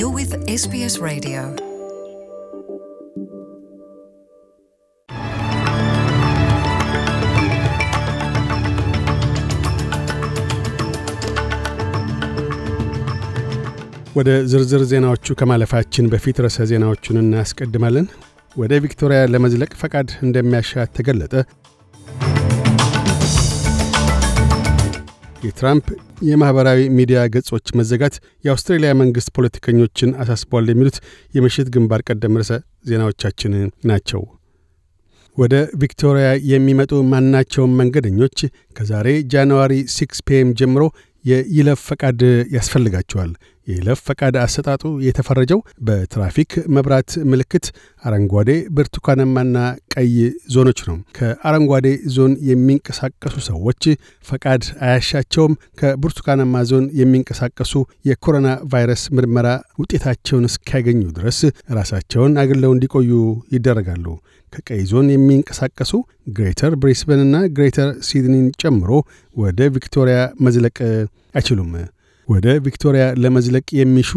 You're with SBS Radio. ወደ ዝርዝር ዜናዎቹ ከማለፋችን በፊት ርዕሰ ዜናዎቹን እናስቀድማለን። ወደ ቪክቶሪያ ለመዝለቅ ፈቃድ እንደሚያሻ ተገለጠ። የትራምፕ የማኅበራዊ ሚዲያ ገጾች መዘጋት የአውስትሬልያ መንግሥት ፖለቲከኞችን አሳስቧል የሚሉት የምሽት ግንባር ቀደም ርዕሰ ዜናዎቻችን ናቸው። ወደ ቪክቶሪያ የሚመጡ ማናቸውም መንገደኞች ከዛሬ ጃንዋሪ 6 ፒኤም ጀምሮ የይለፍ ፈቃድ ያስፈልጋቸዋል። የይለፍ ፈቃድ አሰጣጡ የተፈረጀው በትራፊክ መብራት ምልክት አረንጓዴ፣ ብርቱካናማና ቀይ ዞኖች ነው። ከአረንጓዴ ዞን የሚንቀሳቀሱ ሰዎች ፈቃድ አያሻቸውም። ከብርቱካናማ ዞን የሚንቀሳቀሱ የኮሮና ቫይረስ ምርመራ ውጤታቸውን እስኪያገኙ ድረስ ራሳቸውን አግለው እንዲቆዩ ይደረጋሉ። ከቀይ ዞን የሚንቀሳቀሱ ግሬተር ብሪስበንና ግሬተር ሲድኒን ጨምሮ ወደ ቪክቶሪያ መዝለቅ አይችሉም። ወደ ቪክቶሪያ ለመዝለቅ የሚሹ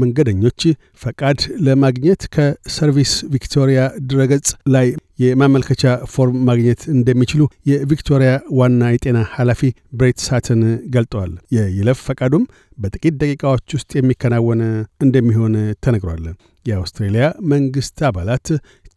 መንገደኞች ፈቃድ ለማግኘት ከሰርቪስ ቪክቶሪያ ድረገጽ ላይ የማመልከቻ ፎርም ማግኘት እንደሚችሉ የቪክቶሪያ ዋና የጤና ኃላፊ ብሬት ሳትን ገልጠዋል። የይለፍ ፈቃዱም በጥቂት ደቂቃዎች ውስጥ የሚከናወን እንደሚሆን ተነግሯል። የአውስትሬልያ መንግሥት አባላት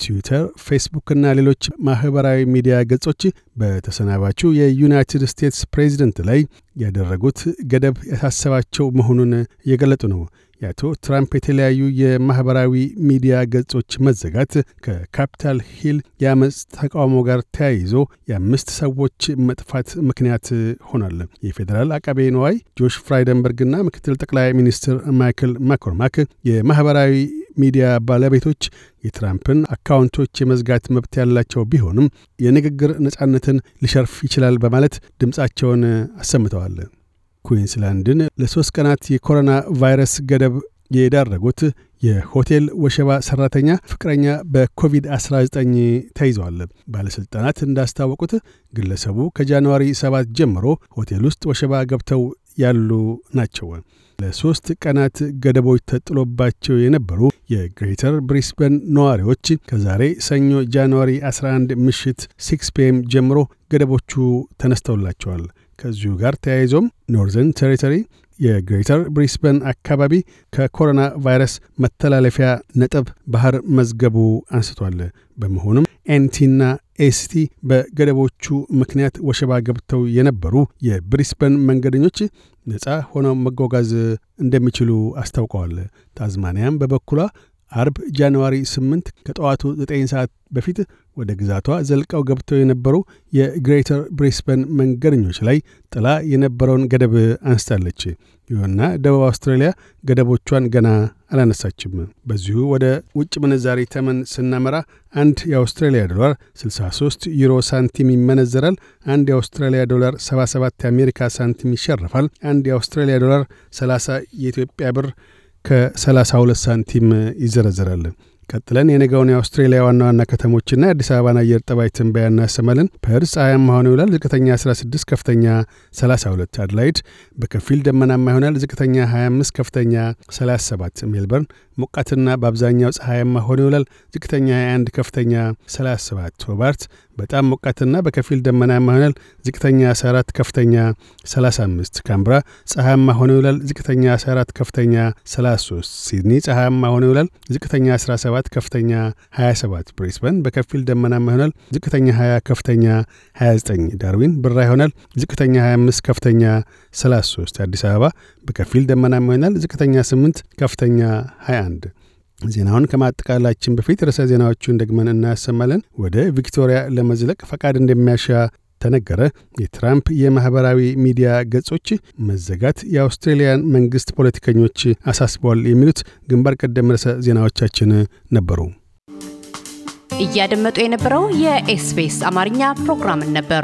ትዊተር፣ ፌስቡክና ሌሎች ማኅበራዊ ሚዲያ ገጾች በተሰናባቹ የዩናይትድ ስቴትስ ፕሬዚደንት ላይ ያደረጉት ገደብ ያሳሰባቸው መሆኑን እየገለጡ ነው። የአቶ ትራምፕ የተለያዩ የማኅበራዊ ሚዲያ ገጾች መዘጋት ከካፒታል ሂል የአመፅ ተቃውሞ ጋር ተያይዞ የአምስት ሰዎች መጥፋት ምክንያት ሆኗል። የፌዴራል አቃቤ ንዋይ ጆሽ ፍራይደንበርግና ምክትል ጠቅላይ ሚኒስትር ማይክል ማኮርማክ የማኅበራዊ ሚዲያ ባለቤቶች የትራምፕን አካውንቶች የመዝጋት መብት ያላቸው ቢሆንም የንግግር ነጻነትን ሊሸርፍ ይችላል በማለት ድምፃቸውን አሰምተዋል። ኩዊንስላንድን ለሦስት ቀናት የኮሮና ቫይረስ ገደብ የዳረጉት የሆቴል ወሸባ ሰራተኛ ፍቅረኛ በኮቪድ-19 ተይዘዋል። ባለሥልጣናት እንዳስታወቁት ግለሰቡ ከጃንዋሪ ሰባት ጀምሮ ሆቴል ውስጥ ወሸባ ገብተው ያሉ ናቸው። ለሶስት ቀናት ገደቦች ተጥሎባቸው የነበሩ የግሬተር ብሪስበን ነዋሪዎች ከዛሬ ሰኞ ጃንዋሪ 11 ምሽት 6 ፒኤም ጀምሮ ገደቦቹ ተነስተውላቸዋል። ከዚሁ ጋር ተያይዞም ኖርዘርን ቴሪተሪ የግሬተር ብሪስበን አካባቢ ከኮሮና ቫይረስ መተላለፊያ ነጥብ ባህር መዝገቡ አንስቷል። በመሆኑም ኤንቲና ኤስቲ በገደቦቹ ምክንያት ወሸባ ገብተው የነበሩ የብሪስበን መንገደኞች ነፃ ሆነው መጓጓዝ እንደሚችሉ አስታውቀዋል። ታዝማኒያም በበኩሏ አርብ ጃንዋሪ 8 ከጠዋቱ 9 ሰዓት በፊት ወደ ግዛቷ ዘልቀው ገብተው የነበሩ የግሬተር ብሪስበን መንገደኞች ላይ ጥላ የነበረውን ገደብ አንስታለች። ይሁንና ደቡብ አውስትራሊያ ገደቦቿን ገና አላነሳችም። በዚሁ ወደ ውጭ ምንዛሪ ተመን ስናመራ አንድ የአውስትራሊያ ዶላር 63 ዩሮ ሳንቲም ይመነዘራል። አንድ የአውስትራሊያ ዶላር 77 የአሜሪካ ሳንቲም ይሸርፋል። አንድ የአውስትራሊያ ዶላር 30 የኢትዮጵያ ብር ከ32 ሳንቲም ይዘረዘራል ቀጥለን የነገውን የአውስትሬሊያ ዋና ዋና ከተሞችና የአዲስ አበባን አየር ጠባይ ትንበያ እናሰማለን። ፐርስ ፀሐያማ ሆኖ ይውላል። ዝቅተኛ 16፣ ከፍተኛ 32። አድላይድ በከፊል ደመናማ ይሆናል። ዝቅተኛ 25፣ ከፍተኛ 37። ሜልበርን ሞቃትና በአብዛኛው ፀሐያማ ሆኖ ይውላል። ዝቅተኛ 21፣ ከፍተኛ 37። ሆባርት በጣም ሞቃትና በከፊል ደመናማ ይሆናል። ዝቅተኛ 14 ከፍተኛ 35። ካምብራ ፀሐያማ ሆኖ ይውላል። ዝቅተኛ 14 ከፍተኛ 33። ሲድኒ ፀሐያማ ሆኖ ይውላል። ዝቅተኛ 17 ከፍተኛ 27። ብሪስበን በከፊል ደመናማ ይሆናል። ዝቅተኛ 20 ከፍተኛ 29። ዳርዊን ብራ ይሆናል። ዝቅተኛ 25 ከፍተኛ 33። አዲስ አበባ በከፊል ደመናማ ይሆናል። ዝቅተኛ 8 ከፍተኛ 21 ዜናውን ከማጠቃላችን በፊት ርዕሰ ዜናዎቹን ደግመን እናሰማለን። ወደ ቪክቶሪያ ለመዝለቅ ፈቃድ እንደሚያሻ ተነገረ። የትራምፕ የማኅበራዊ ሚዲያ ገጾች መዘጋት የአውስትሬልያን መንግሥት ፖለቲከኞች አሳስበዋል። የሚሉት ግንባር ቀደም ርዕሰ ዜናዎቻችን ነበሩ። እያደመጡ የነበረው የኤስፔስ አማርኛ ፕሮግራምን ነበር።